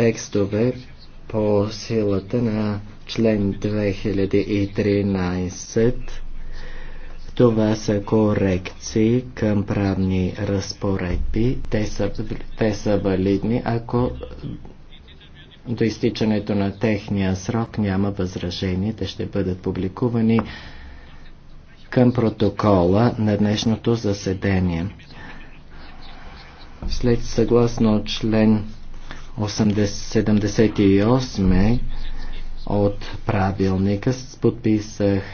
текстове по силата на член 2013. Това са корекции към правни разпоредби. Те са, те са валидни, ако до изтичането на техния срок няма възражение. Те ще бъдат публикувани към протокола на днешното заседание. След съгласно член 78 от правилника подписах